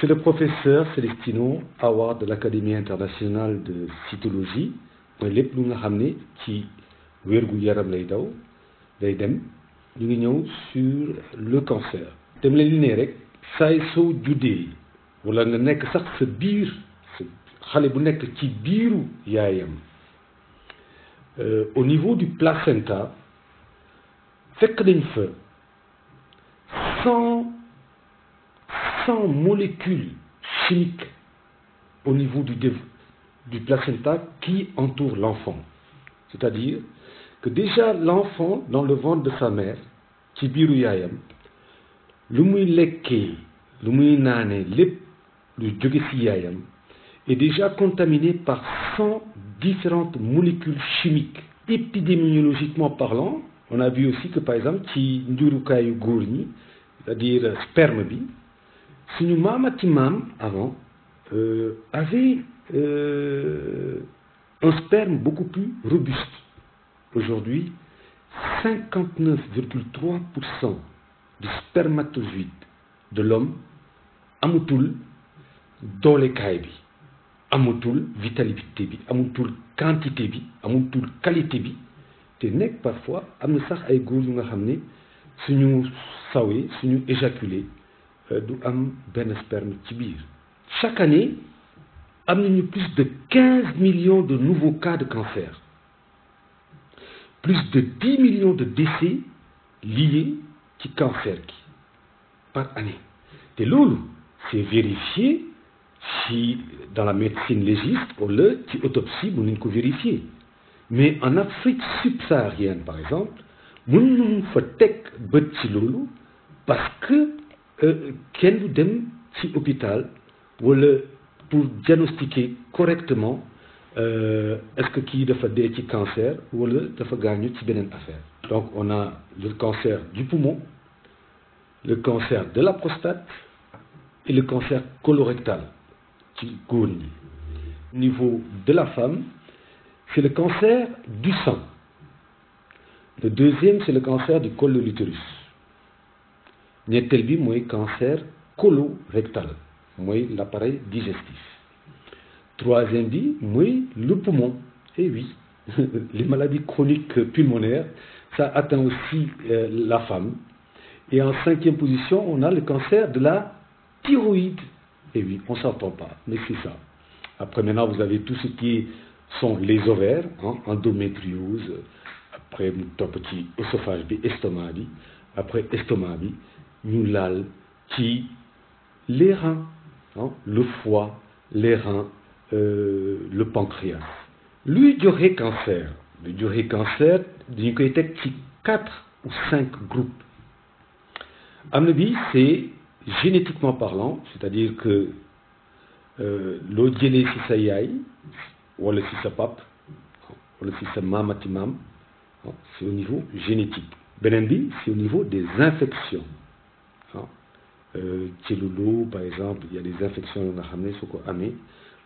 C'est le professeur Celestino Award de l'Académie internationale de cytologie mooy lépp lu nga xam ne ci wérgu yaram lay daw day dem ñu ngi ñëw sur le cancer. dem leen li ne rek saay soo juddee wala nga nekk sax sa biir xale bu nekk ci biiru yaayam euh, au niveau du placenta fait 100 molécules chimiques au niveau du, placenta qui entoure l'enfant. C'est-à-dire que déjà l'enfant dans le ventre de sa mère, Tibiru Yayam, le lekke, est déjà contaminé par 100 différentes molécules chimiques épidémiologiquement parlant on a vu aussi que par exemple si njurukaayu góor c'est-à-dire sperme bi nous avant euh, avait euh, un sperme beaucoup plus robuste aujourd'hui 59,3 du spermatozoïde de l'homme dans les bi amutul vitalité bi Amutul, quantité bi qualité parfois am ay nga suñu euh, am chaque année am ñu plus de 15 millions de nouveaux cas de cancer plus de 10 millions de décès liés ci cancer par année té lolu c'est vérifié si dans la médecine légiste le ci autopsie mën ñu ko vérifier mais en Afrique subsaharienne par exemple nous fa teg bët ci parce que quand avons un à hôpital pour diagnostiquer correctement euh, est-ce que kii dafa cancer wala dafa gaañu ci beneen affaire. donc on a le cancer du poumon le cancer de la prostate et le cancer colorectal qui gagne. Au niveau de la femme c'est le cancer du sang. Le deuxième, c'est le cancer du col de l'utérus. ñetteel pas le cancer colorectal oui, l'appareil digestif. troisième dit oui le poumon. Et eh oui, les maladies chroniques pulmonaires, ça atteint aussi euh, la femme. Et en cinquième position, on a le cancer de la thyroïde. Et eh oui, on ne s'entend pas, mais c'est ça. Après, maintenant, vous avez tout ce qui est sont les ovaires, hein, endométriose, après petit oesophage estomac après estomac nous qui les reins hein, le foie les reins euh, le pancréas Lui du cancer le du cancer il y quatre ou cinq groupes Amnebi, c'est génétiquement parlant c'est-à-dire que euh, l'eau jëlee wala ci sa pap ou le sa mamatimam, c'est au niveau génétique Benendi, c'est au niveau des infections waaw euh, par exemple il y a des infections on la xam ne amé, ko amee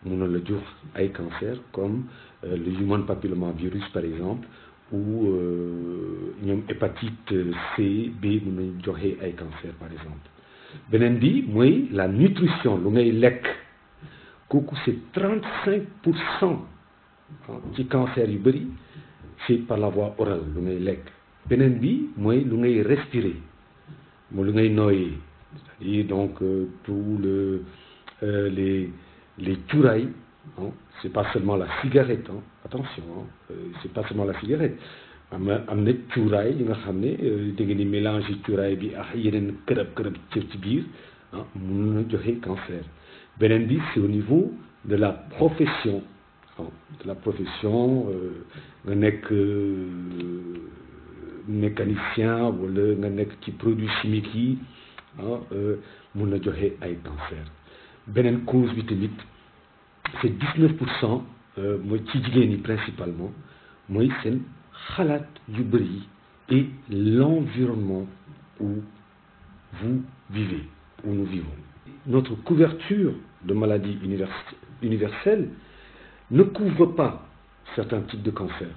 la ay cancer comme euh, le human papillomavirus par exemple ou une euh, hépatite C B mun le joxe ay cancer par exemple Benendi, moi la nutrition lu ngay lec. Coucou, c'est 35% cancer yu c'est par la voie orale le ngay lec. beneen bi le respiré, ngay respirer mooy noyé. cest donc euh, tout le euh, les les ce hein, c'est pas seulement la cigarette hein. attention hein, euh, c'est pas seulement la cigarette mais les am na cuuraay yi nga xam ne da de di mélange cuuraay bi ak yeneen kërëb cancer Belendit, c'est au niveau de la profession. de la profession, euh, le euh, mécanicien, ou le qui produit chimie, mon a un cancer. Benen cause c'est 19%, moi, qui principalement, moi, c'est halat du bris et l'environnement où vous vivez, où nous vivons. Notre couverture de maladies universelles ne couvre pas certains types de cancers.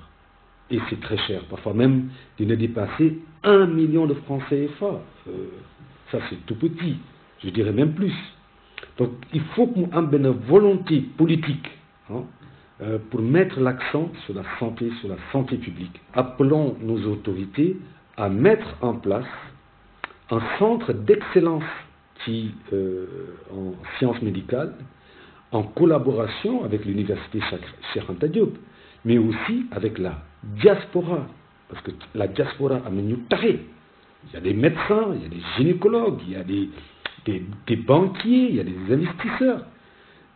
Et c'est très cher, parfois même de ne dépasser un million de francs CFA. Euh, ça c'est tout petit, je dirais même plus. Donc il faut qu'on ait une volonté politique hein, euh, pour mettre l'accent sur la santé, sur la santé publique. Appelons nos autorités à mettre en place un centre d'excellence euh, en sciences médicales, en collaboration avec l'université Anta Diop, mais aussi avec la diaspora, parce que la diaspora a menu taré. Il y a des médecins, il y a des gynécologues, il y a des, banquiers, il y a des investisseurs.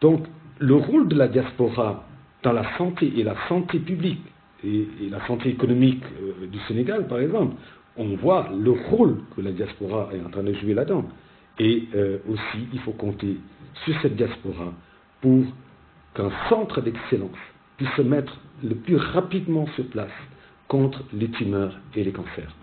Donc, le rôle de la diaspora dans la santé et la santé publique et, la santé économique euh, du Sénégal, par exemple, on voit le rôle que la diaspora est en train de jouer là-dedans. Et euh, aussi, il faut compter sur cette diaspora pour qu'un centre d'excellence puisse se mettre le plus rapidement sur place contre les tumeurs et les cancers.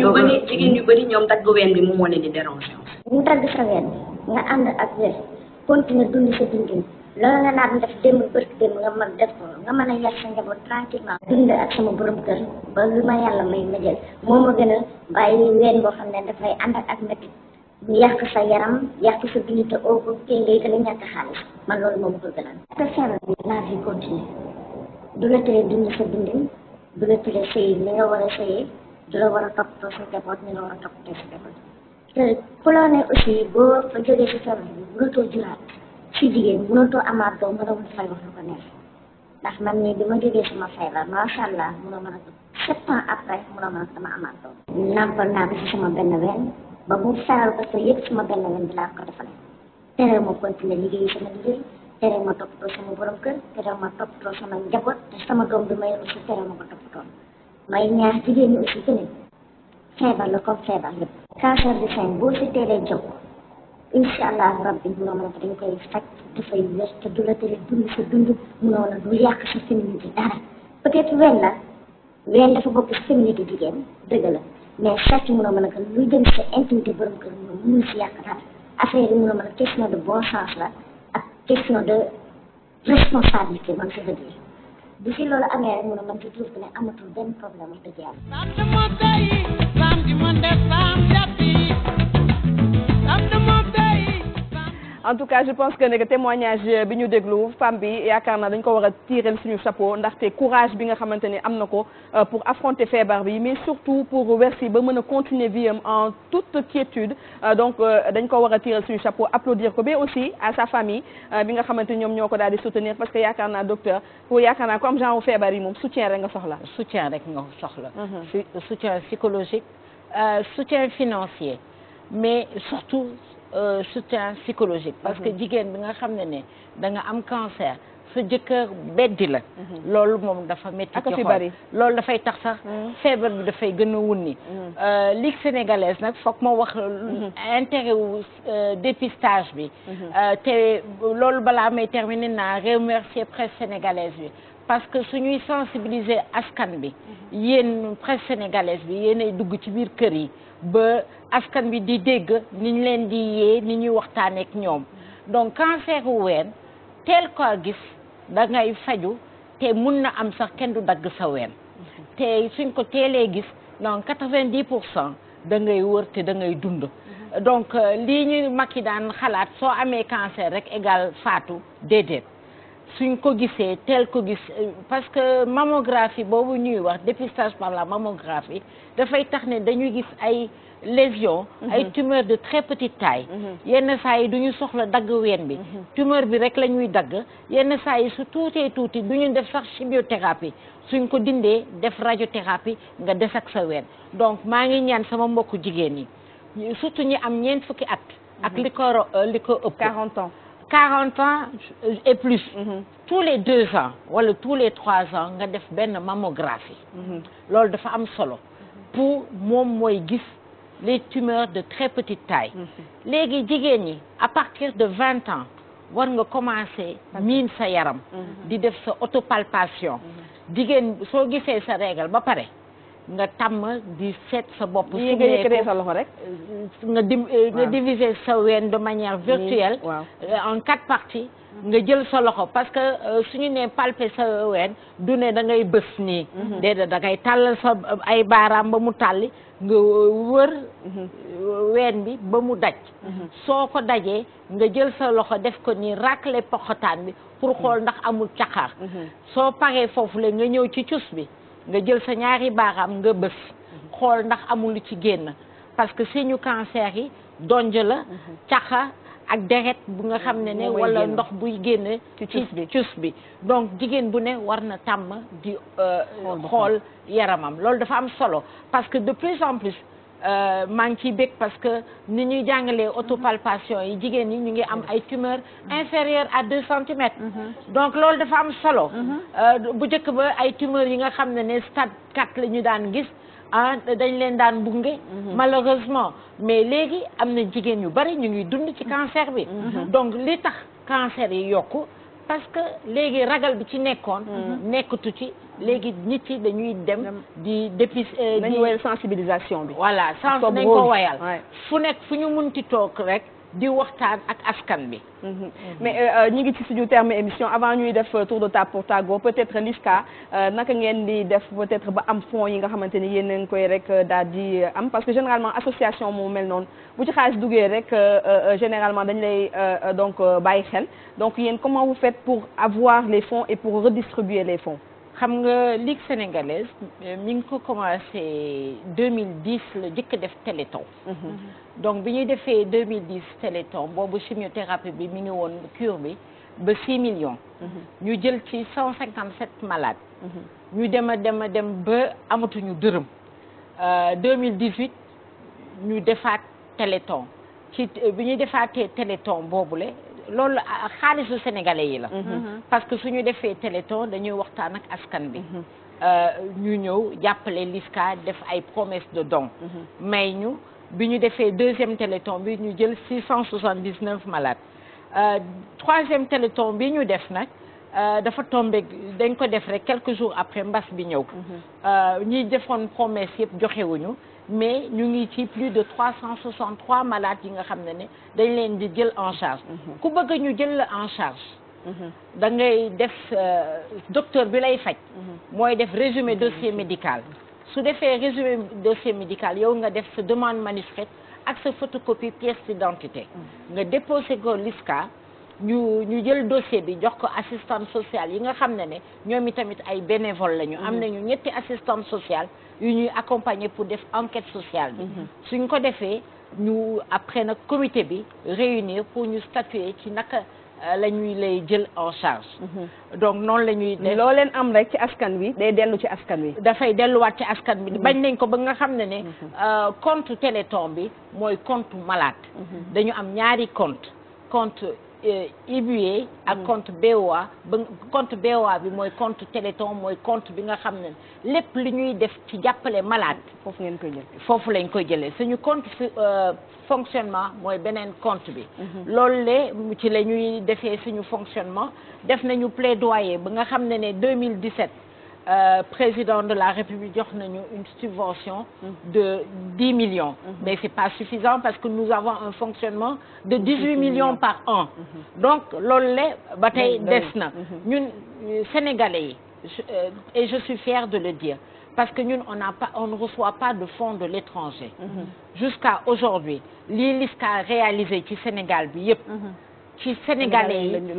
ñu bëri jigéen ñu bëri ñoom dagg ween bi moom moo leen di déranger. ñu dagg sa ween nga ànd ak wér continuer dund sa dundin loolu nga naan def démb bërki démb nga mën def ko nga mën a yar sa njaboot tranquillement dund ak sama borom kër ba lu ma yàlla may ma jël moo ma gën a bàyyi ween boo xam ne dafay ànd ak métti ñu yàq sa yaram yàq sa dund te oo ko kii ngay gën a ñàkk xaalis man loolu moom ko gën a. te feebar bi la vie continue du la tere dund sa dundin du la tere sëy li nga war a sëyee war a sa njaboot ñu la war a toppatoo sa njaboot te ku la ne aussi boo jógee si feebar bi mënatoo juraat si jigéen mënatoo amaat doom mënoo fay wax lu ko neex ndax man mii bi ma jógee sama feebar macha allah mënoo mën a sept ans après mënoo mën a sama amaat doom. nampal naa ko si sama benn ween ba mu saral ko te yëpp sama benn ween bi laa ko defalee terewul ma continuer liggéey sama liggéey terewul ma toppatoo sama borom kër terewul ma toppatoo sama njaboot te sama doom bi ma yor aussi terewul ma ko toppatoo. mainnya gidiyor üşütünün. Feberli kom feberli. Cancer du sein boo si teelee jóg incha allahu rabbi munoo mën a dañ koy faj dafay wér te du la tere dund sa dund munoo la du yàq sa féminité dara peut être wenn la wenn dafa bokk si féminité jigéen dëgg la mais sàcc munoo mën a gën luy jëm sa intimité borom kër munoo munul si yàq dara affaire yi munoo mën a question de bon sens la ak question de responsabilité man je bi si loolu amee rek mu man ci trouve que ne amatul benn problème wax dëgg yàlla. en tout cas je pense que les témoignage de euh, Bignou déglu femme bi yaakaar naa dañ ko war a tiirel suñu chapeau ndaxte courage bi nga euh, pour affronter feebar Barbie, mais surtout pour Wersi ba mën continuer vie am en toute quiétude euh, donc dañ ko war le chapeau applaudir ko mais aussi à sa famille bi nga xamante ñoom ñoo soutenir parce qu'il y a un docteur pour yaakaar comme genre feebar yi soutien rek nga soxla soutien rek nga soxla mhm. soutien psychologique soutien financier mais surtout euh, soutien psychologique parce que mhm. je bi nga cancer C'est beddi la ce mhm. dafa ci tax sax mhm. fait bi de wunni euh, sénégalaise que euh, dépistage bi te loolu balaa may terminer remercier presse sénégalaise parce que suñuy sensibiliser askan bi la presse sénégalaise bi des dugg ci kër yi ba askan bi di dégg niñ ñu leen di yee ni ñuy waxtaanee ak ñoom donc cancer wu ween teel koo gis da ngay faju te mun na am sax kenn du dagg sa ween te suñ ko teelee gis donc 90 pour cent da ngay wër te da ngay dund donc lii ñuy Macky daan xalaat soo amee cancer rek égal faatu déedéet suñ ko gisee tel ko gis parce que mammographie boobu ñuy wax dépistage par la mammographie dafay tax ne dañuy gis ay lésions ay mhm. tumeur de très petite taille mhm. yenn y yi soxla dagg ween bi mhm. tumeur bi rek la ñuy Il yenn saa yi su tuutee de la def sax chimiothérapie suñ ko de def radiothérapie nga des sa donc je ngi ñaan sama surtout ñi am fukki at de la 40 ans 40 ans euh, et plus tous les deux ans ou tous les trois ans nga def une mammographie Lors dafa am solo pour gis les tumeurs de très petite taille. Mm-hmm. léegi jigéen ñi à partir de 20 ans war nga commencer miin sa yaram. Mm-hmm. di def sa autopalpation. Mm-hmm. jigéen soo gisee sa règle ba pare nga tam di seet sa bopp. su nga sa loxo rek. Euh, nga euh, nga diviser sa de manière virtuelle. Euh, en quatre parties. nga jël sa loxo parce que suñu né palper sa wène du né da ngay bës nii. déedéet da ngay tàllal sa ay baram ba mu tàlli. nga uh, wër mhm. uh, ween bi ba mu daj mhm. soo ko dajee nga jël sa loxo def ko ni racler poxotaan bi pour xool mhm. ndax amul caqar soo paree foofu la nga ñëw ci cus bi nga jël sa ñaari baaraam nga bës xool ndax amul lu ci génn parce que suñu cancer yi donj la caxa ak deret bu nga xam ne wala ndox buy génn ci cus bi donc jigéen bu ne war tam di euh, xol yaramam lolou dafa am solo parce que de plus en plus euh, maa ngi parce que ni ñuy jàngalee autopalpation yi jigéen ñi ñu ngi am ay tumeur inférieure à deux centimètres mm-hmm. donc lolou dafa am solo mm-hmm. euh, bu jëk ba ay tumeur yi nga xam ne ne stade 4 la ñu daan gis ah, mhm. malheureusement mais léegi amna jigen yu bari ñu ngi dund ci cancer bi mhm. Mhm. donc li tax cancer yi yokku parce que léegi ragal bi ci nekkatu ci dañuy dem di euh, sensibilisation bi voilà ça, ko wayal fu di waxtaan ak askan bi. Mhm. mais euh, euh, ñu ngi ci suñu terme émission avant ñuy def euh, tour de table pour Tago, peut-être Niska, naka ngeen di def peut-être ba am fonds yi nga xamanteni yeen koy rek daal di am parce que généralement association mo mel non bu ci xaalis rek généralement dañ lay donc bàyyi xel donc yeen comment vous faites pour avoir les fonds et pour redistribuer les fonds xam nga Ligue sénégalaise euh, mi ngi ko commencé 2010 la jëkk def téléthon mhm. donc bi ñuy defee 2010 téléthon boobu chimiothérapie bi mi ngi woon cure bi 6 millions mhm. ñu jël ci 157 malades mhm. ñu dem a dem a dem ba amatuñu dërëm 2018 euh, ñu defaat téléthon ci euh, bi ñuy defaatee téléthon lol ah, ah, xaalisu sénégalais yi la. Mhm. Mhm. parce que suñu défé téléthon dañuy waxtaan ak askan bi. Mhm. euh ñu ñëw jàppale liska def ay promesses de don. may ñu bi ñu defee deuxième téléthon bi ñu jël 679 malades euh dix neuf malades. troisième téléthon bi ñu def nak euh dafa tombé dañ ko def rek quelques jours après mbass bi ñëw. euh ñi promesses yépp joxé wuñu mais nous avons plus de 363 malades qui nga été en charge mhm. ku nous ñu en charge le mhm. def euh, docteur bi lay faj mhm. mooy def résumé dossier médical su defee résumé dossier médical yow nga def sa demande manuscrite ak sa photocopie pièce d'identité nga déposé LISCA ñu ñu jël dossier bi jox ko assistante sociale yi nga xam ne ne ñoom itamit ay bénévole lañu. Mm-hmm. am nañu ñetti assistante sociale yu ñuy accompagner pour def enquête sociale bi. Mm-hmm. suñ ko defee ñu après nag comité bi réunir pour ñu statuer ci naka. Euh, la ñuy lay jël en charge. Mm-hmm. donc non les ñuy def loo leen am rek ci askan wi day dellu ci askan wi. dafay delluwaat ci askan wi. bañ nañ ko ba nga xam euh, compte téléthon bi mooy compte malade. dañu am ñaari compte compte ibué eh, ak mm. compte BOA ba compte BOA bi mooy compte téléthon mooy compte bi nga xam ne lépp li ñuy def ci jàppale malade foofu ngeen koy jël foofu lañ koy jëlee suñu compte euh, fonctionnement mooy beneen compte bi mm-hmm. loolu le ci la ñuy defee suñu fonctionnement def nañu plaidoyer ba nga xam ne 2017 euh, président de la République avons une subvention mmh. de 10 millions. Mmh. Mais ce n'est pas suffisant parce que nous avons un fonctionnement de 18 mmh. millions par an. Donc, l'olé bataille d'Esna. Nous, euh, Sénégalais, euh, et je suis fier de le dire, parce que nous, on, ne reçoit pas de fonds de l'étranger. Jusqu'à aujourd'hui, l'ILISCA a réalisé qui Sénégal, ci sénégalais le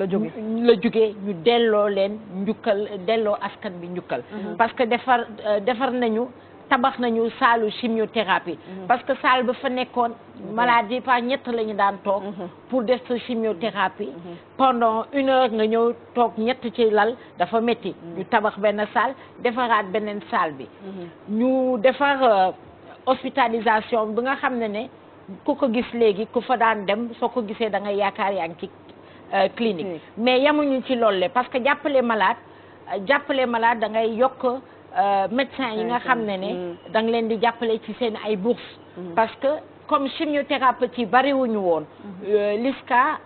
la jógee ñu dello leen ñukal dello askan bi ñukal mhm. parce que défar euh, défar nañu tabax nañu saalu chimiothérapie mhm. parce que sal ba fa nekkoon mhm. maladie pas ñett lañu daan tok pour def sa chimiothérapie pendant une heure nga ñëw tok ñett ci lal dafa metti ñu tabax benn sal défarat benen saal bi ñu défar euh, hospitalisation bu nga xamné né ku ko gis léegi ku fa daan dem soo ko gisee da ngay yaakaar yaa ngi ci euh, clinique hmm. mais yamuñu ci loolu le parce que jàppale malade jàppale malade da ngay yokk euh, médecin yi nga xam ne ne hmm. da nga leen di jàppale ci seen ay bourse hmm. parce que comme si chimiothérapeute yi bariwuñu woon euh, LISCA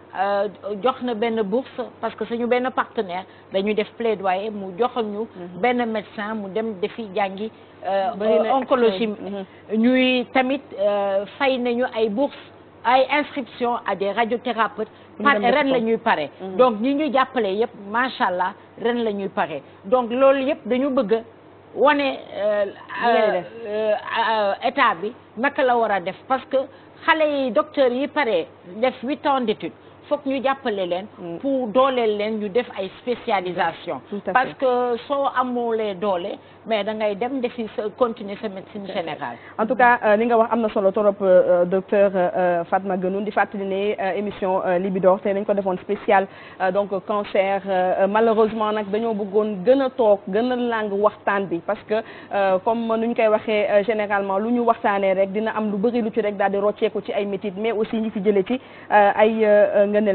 jox na benn bourse parce que suñu benn partenaire dañuy def plaidoyer mu joxal ñu benn médecin mu dem defi jàngi Euh, euh, oncologie Nous mhm. mm-hmm. tamit euh, fay nañu ay bourses ay inscription à des radiothérapeutes par ren la ñuy mm-hmm. donc ñi ñu jappalé yépp machallah ren lañuy paré. donc lool yépp dañu bëgg wane état bi naka la wara def parce que xalé yi docteur yi paré def 8 ans d'études faut ñu jàppale leen mm. pour dooleel leen ñu def ay spécialisation parce que soo amulee doole mais da dem continuer sa médecine générale. en tout cas euh, li nga wax am solo euh, euh, docteur Fatma Genoun, di fàttali ne émission Libido, c'est dañ ko spéciale spécial donc cancer malheureusement nag dañoo bëggoon gën parler de la a bi parce que comme nous ñu koy généralement nous avons waxtaanee rek dina am lu bëri lu ci rek mais aussi ñi fi ci ay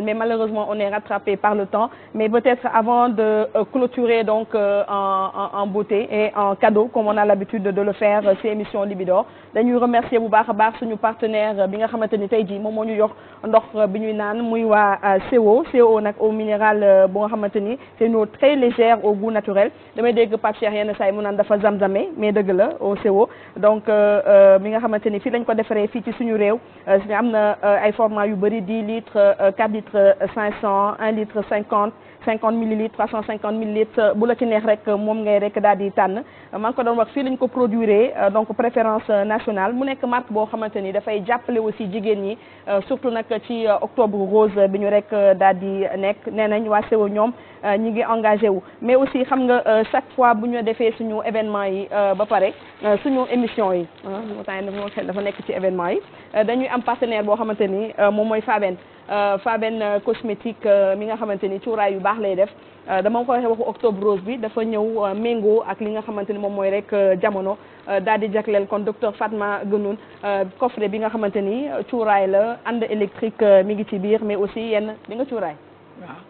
mais malheureusement on est rattrapé par le temps mais peut-être avant de clôturer donc en en beauté et en cadeau comme on a l'habitude de le faire euh, ci émission Libidor dañuy remercier bu baax a baax suñu partenaire euh, bi nga xamante ni tey jii moom moo ñu jox ndox euh, bi naan muy waa CO CO au minéral Bon bu nga c'est une eau très légère au goût naturel damay dégg pas cher, yenn saa yi mu naan dafa zamzamé, mais dëgg la au CO donc mi nga xamante ni fii lañ ko defaree fii ci suñu réew am na ay format yu bëri 10 litres 4 litres 500 1 litre 50 cinquante millilitres trois cent cinquante millilitres bu la ci neex rek moom ngay rek daal di tànn maa ngi ko doon wax fii lañ ko produire euh, donc préférence euh, nationale mu nekk marque boo xamante ni dafay jàppale aussi jigéen ñi euh, surtout nag ci octobre rose bi ñu rek daal di nekk nee nañ waa SEO ñoom ñi ngi engagé wu mais aussi xam nga chaque fois bu ñu defee suñu événement yi ba pare suñu émission yi ah, moo tax dafa nekk ci événement yi dañuy am partenaire boo xamante ni moom mooy Faben Euh, Faben euh, cosmétique euh, mi nga xamante ni cuuraay yu baax lay def dama ko waxu octobre bi dafa ñëw méngoo ak li nga xamante ni moom mooy rek jamono daal di jagleel kon docteur Fatma Guenoune coffret bi nga xamante ni cuuraay la ànd électrique mi ngi ci biir mais aussi yenn di nga cuuraay waaw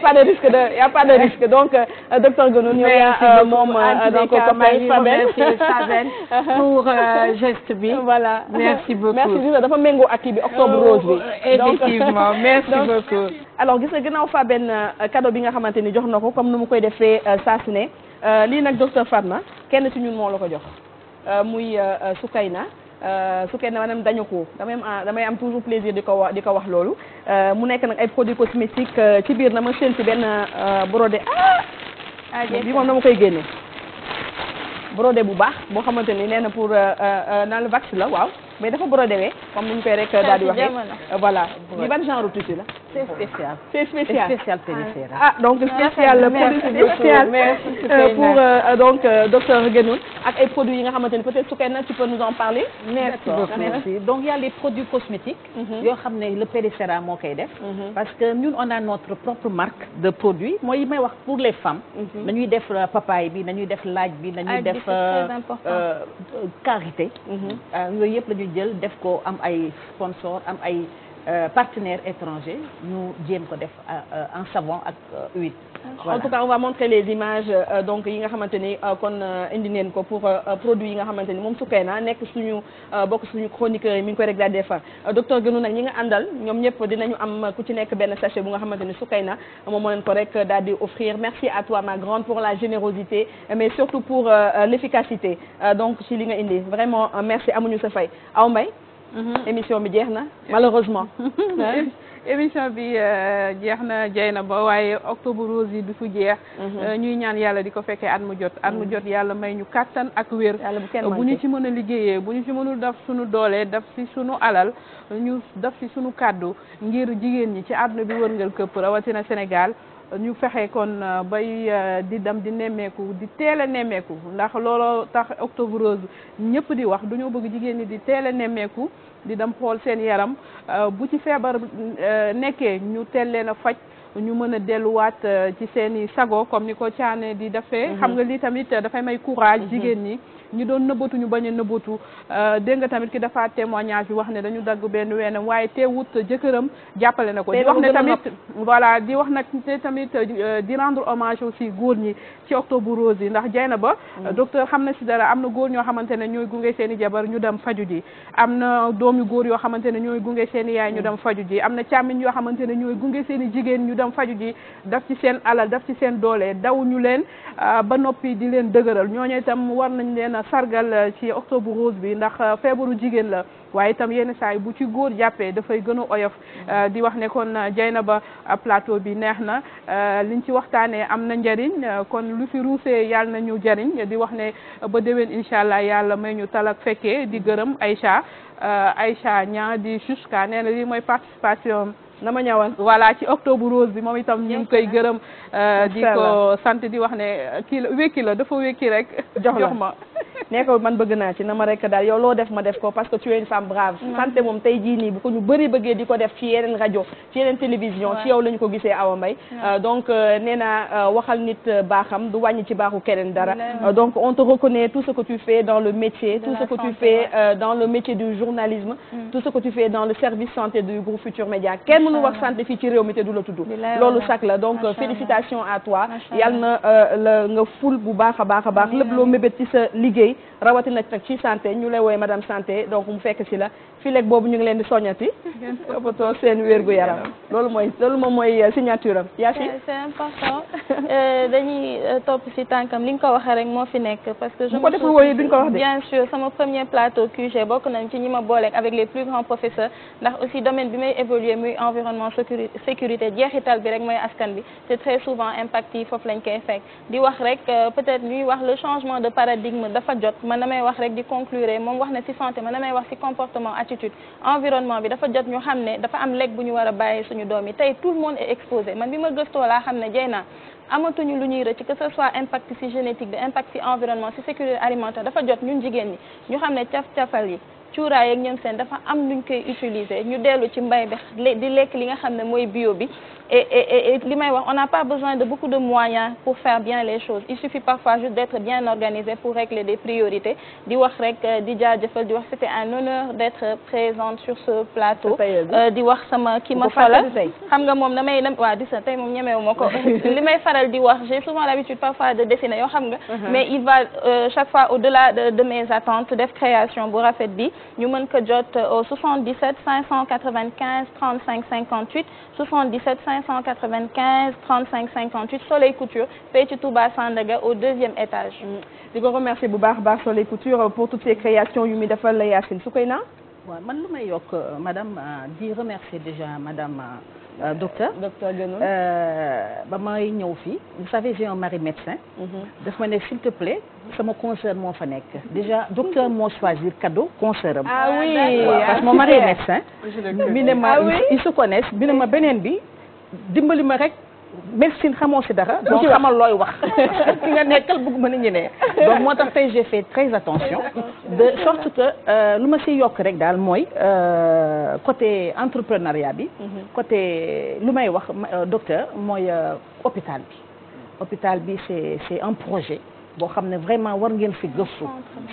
pas de risque de y a pas de risque donc euh, docteur Gono ñëw yaa moom donc copain Fabel pour geste euh, bi. voilà merci beaucoup merci beaucoup dafa Mengo ak bi octobre oh, rose bi. Euh, effectivement merci beaucoup. alors gis nga ginnaaw fa benn cadeau bi nga xamante ni jox na comme nous mu koy defee saa su ne lii nag docteur Fatma kenn ci ñun moo la ko jox muy Soukayna. Euh, su fekkee ne maanaam dañu ko damay am ah, damay am toujours plaisir di diko wax lolu euh mu nek nak ay produits cosmétiques euh, ci bir na ma seen ci benn euh, brodé ah. bi moom dama koy génne. brodé bu baax bo xamanteni néna pour euh pour dans le vax la waaw mais dafa brodé wee comme ni ñu koy rek euh, daal di waxee euh, voilà li ban genre tissu la. c'est spécial c'est spécial spécial ah donc spécial produit spécial euh, pour donc docteur Guénoune ak ay produits yi nga xamanteni peut-être Soukaina tu peux nous en parler. merci merci donc il y a les produits cosmétiques. Mhm. yo xamné le périphéral moo koy def. Mhm. parce que ñun on a notre propre marque de produits moi may wax pour les femmes. dañuy mhm. def papaye bi dañuy def laaj bi. dañuy ah, def carité. yooyu yëpp lañuy jël def ko am ay sponsor am ay euh, partenaires étrangers ñu jéem ko def euh, euh, en savon ak huile Voilà. en tout cas on va montrer les images euh, donc yi nga xamanteni euh, kon euh, indi ko pour euh, produit yi nga xamanteni mom moom Soukaina nekk suñu bokk suñu chroniqueur mi ngi ko rek daal docteur Guèye nak yi nga andal ñom ñep dinañu am ku ci nekk benn sachet bu nga xamanteni ni Soukaina mo len ko rek daal di offrir merci à toi ma grande pour la générosité mais surtout pour l'efficacité donc ci li nga indi vraiment merci amuñu sa fay aw mbay mhm. émission bi jeex malheureusement émission bi euh, jeex na jay na ba waaye octobre rose yi du fu jeex mhm. euh, ñuy ñaan yàlla di ko fekkee at mu jot at mu mhm. jot yàlla may ñu kàttan ak wér bu euh, ñu ci mën a liggéeyee bu ñu ci mënul daf suñu doolee daf si suñu alal ñu daf si suñu kàddu ngir jigéen ñi ci àdduna bi wërngal këpp rawatina Sénégal ñu fexe kon euh, bay euh, di dem di nemmeeku di teel a nemmeeku ndax looloo tax octobre rose ñëpp di wax dañoo bëgg jigéen ñi di teel a nemmeeku di dem xool seen yaram euh, bu ci feebar nekkee ñu teel leen a faj ñu mën a delluwaat ci seen i sago comme ni ko caane di defee. Mm-hmm. xam nga lii tamit dafay may courage mm-hmm. jigéen ñi. ñu doon nëbbatu ñu bañ a nëbbatu euh, dégg nga tamit ki dafa témoignage bi wax ne dañu dagg benn weenam waaye teewut jëkkëram jàppale na ko di wax ne tamit voilà di wax nag tamit euh, di rendre hommage aussi góor ñi ci octobre rose yi ndax jay na ba mm. docteur xam na si dara am na góor ñoo xamante ne ñooy gunge seeni jabar ñu dem faju ji am na doomi góor yoo xamante ne ñooy gunge seen yaay ñu mm. dem faju ji am na càmmiñ yoo xamante ne ñooy gunge seeni jigéen ñu dem faju ji daf ci seen alal daf ci seen doole daw leen euh, ba noppi di leen dëgëral ñooñu leen sargal euh, ci octobre rose bi ndax euh, feebaru jigéen la waaye itam yenn saa yi bu ci góor jàppee dafay gën a oyof mm. euh, di wax ne kon ba plateau bi neex na liñ ci waxtaanee am na njariñ kon lu fi ruusee yàlla nañu ñu di wax ne ba déwén incha allah yàlla may ñu talak fekkee di gërëm Aïcha Aïcha ñaa di jusqu'à nee na lii mooy participation nama ma ñëwal voilà ci octobre rose bi moom itam ñu koy gëreum euh diko santé di wax né euh, ki wéki la dafa wéki rek jox ma nee ko man bëgg na ci nama ma rek daal yow lo def ma def ko parce que tu es une femme brave mm-hmm. santé mom tay ji ni bu ko ñu bëri bëggee diko def ci yeneen radio ci yeneen télévision ci yow la ko gisee Awa mbay euh, donc euh, néna waxal nit baxam du wañ ci baxu keneen dara donc on te reconnaît tout ce que tu fais dans le métier tout ce que tu fais dans le métier du journalisme mm. tout ce que tu fais dans le service santé du groupe Futur Média nous wax santé fii ci réew de te le la tudd donc félicitations à toi et na euh, le nga ful bu baax a baax a baax lépp loo mébét ci sa santé nous les voyons madame santé donc mu fekk que la filet bob ñu ngi leen di soññati toppatoo seen wérgu yaram loolu mooy loolu moom euh, signature c'est important euh, dañuy top c'est un li nga ko parce que je me suis ko wax bien sûr sama premier plateau que j'ai beaucoup ci ma avec les plus grands professeurs ndax aussi domaine bi may évoluer muy environnement sécurité jeexital bi rek mooy askan bi très souvent impact yi foofu lañ koy fekk di wax rek euh, peut-être lui wax le changement de paradigme dafa jot man damay wax rek di conclure moom wax na ci santé man damay wax ci comportement attitude environnement bi dafa jot ñu xam ne dafa am lekk bu ñu war a suñu tout le monde est exposé man bi ma gëstoo la xam ne amatuñu que ce soit impact ci génétique impact si environnement ci sécurité alimentaire dafa jot ñun jigéen nous ñu xam ne caf yi cuuraay ak ñoom Sen, dafa am luñ koy utiliser ñu délu ci mbay bi di lek li nga xamné moy bio bi et et et li wax on n'a pas besoin de beaucoup de moyens pour faire bien les choses il suffit parfois juste d'être bien organisé pour régler des priorités di wax rek euh, di jaajëfal di wax c'était un honneur d'être présente sur ce plateau euh, di wax sama ki ma faral xam nga mom damay wa di sa tay mom ñemewu ma limay faral di wax j'ai souvent l'habitude parfois de dessiner yo xam nga uh-huh. mais il va euh, chaque fois au-delà de mes attentes def création bu rafet bi ñu mën ko euh, au 77 595 35 58 77 595 35 58 Soleil Couture Petit tout Touba Sandaga au deuxième étage. Je mm. vous remercie beaucoup, Soleil Couture euh, pour toutes ces créations yu muy defal la Yacine waaw man lumay yok euh, madame euh, di remercier déjà madame euh, euh docteur. docteur Guenoune ba may ñëw fi vous savez j'ai un mari médecin. Mhm. daf ma né s'il te plaît sama me concerne fa fanek. déjà docteur moi choisir cadeau concert ah oui parce que mon mari est médecin. mi ne ma ah ils se connaissent bi ne ma beneen bi dimbali ma rek. Merci xamoo si dara donc xamal looy wax ki nga nekkal bëgg mën a donc moo tax j'ai fait très attention de sorte que euh, lu ma si yokk rek daal mooy euh, côté entrepreneuriat bi mhm. côté lu may wax euh, docteur mooy hôpital bi hôpital bi c'est c'est un projet boo xam ne vraiment war ngeen si gëstu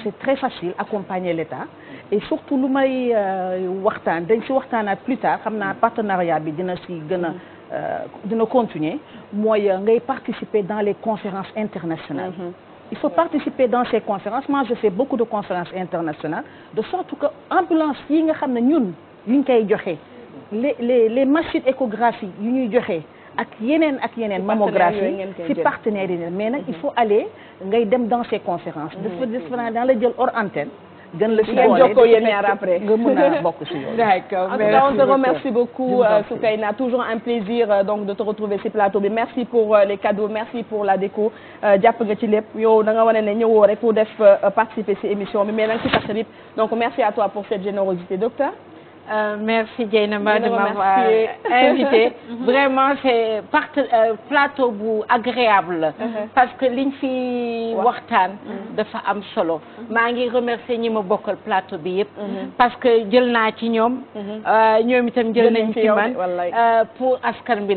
c'est très facile accompagner l'État et surtout lu may waxtaan dañ si waxtaanaat plus tard xam partenariat bi dina si gën euh, de nous continuer moyen, euh, ngay participer dans les conférences internationales mm-hmm. il faut participer dans ces conférences moi je fais beaucoup de conférences internationales de sorte que l'ambulance, yi nga ñun les les les machines échographiques les ñuy Avec ak mammographie partenaires il mm-hmm. faut aller dans ces conférences De les naa dans la hors antenne gën la ci boole ñaar après nga ci yoon. d'accord on te remercie beaucoup euh, Soukaina toujours un plaisir euh, donc de te retrouver ces plateau Mais merci pour euh, les cadeaux merci pour la déco jàpp nga ci lépp yow da nga wane né ñëwoo rek pour def participer ces émissions. mais nag ci tax donc merci à toi pour cette générosité docteur. Euh, merci Dieynaba de m'avoir invité mhm. vraiment c'est un euh, plateau agréable mhm. parce que liñ fi de mhm. dafa am solo. Je ngi remercier remercie ma plateau bi parce que je naa ci ñoom. Euh, ñoom euh, pour askan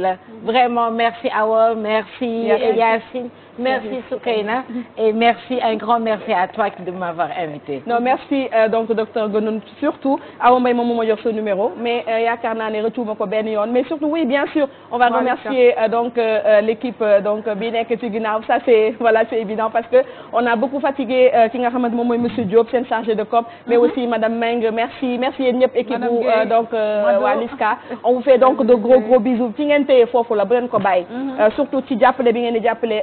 vraiment merci Awa merci Yassine Merci Soukaina et merci, un grand merci à toi de m'avoir invité. Non, merci euh, donc docteur Gonon, surtout. Awa Mbaye moom moo jox ce numéro mais il y a retour et ko benn mais surtout oui bien sûr on va remercier euh, donc euh, euh, l'équipe donc bi et ci ça c'est voilà c'est évident parce que on a beaucoup fatigué ki nga xamante monsieur Diop seen chargé de com mais mhm. aussi madame Meng merci merci yéen ñëpp équipe donc Waliska. LISCA on vous fait donc de gros gros bisous ci ngeen téye la bu mhm. surtout ci jàppale bi ngeen di jàppale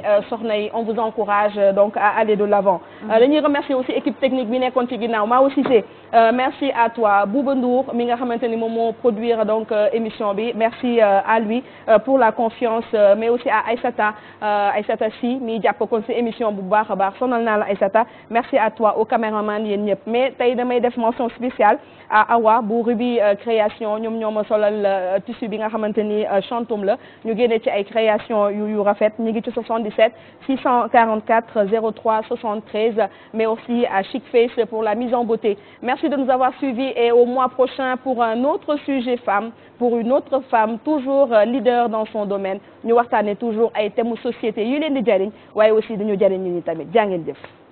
et on vous encourage euh, donc à aller de l'avant Je euh, mhm. remercie aussi équipe technique qui Contiguina. Moi aussi, c'est euh, merci à toi Boubendour, Ndour mi nga produire donc euh, émission bi merci euh, à lui pour la confiance mais aussi à Aïsata, Aïssata si mi jàpp kon si émission bu baax a baax sonal naa merci à toi au caméraman yéen mais tey damay def mention spéciale à Awa bu Ruby création Nous ñoo solal tissu bi nga xamante ni chantum la ñu génne ci ay création yu yu rafet ñu ci 77 644 03 73 mais aussi à Chic Face pour la mise en beauté merci de nous avoir suivis et au mois prochain pour un autre sujet femme, pour une autre femme, toujours euh, leader dans son domaine. Nous avons toujours ay thèmes société yu leen di jariñ aussi dañu jariñ ñu tamit jaa ngeen société.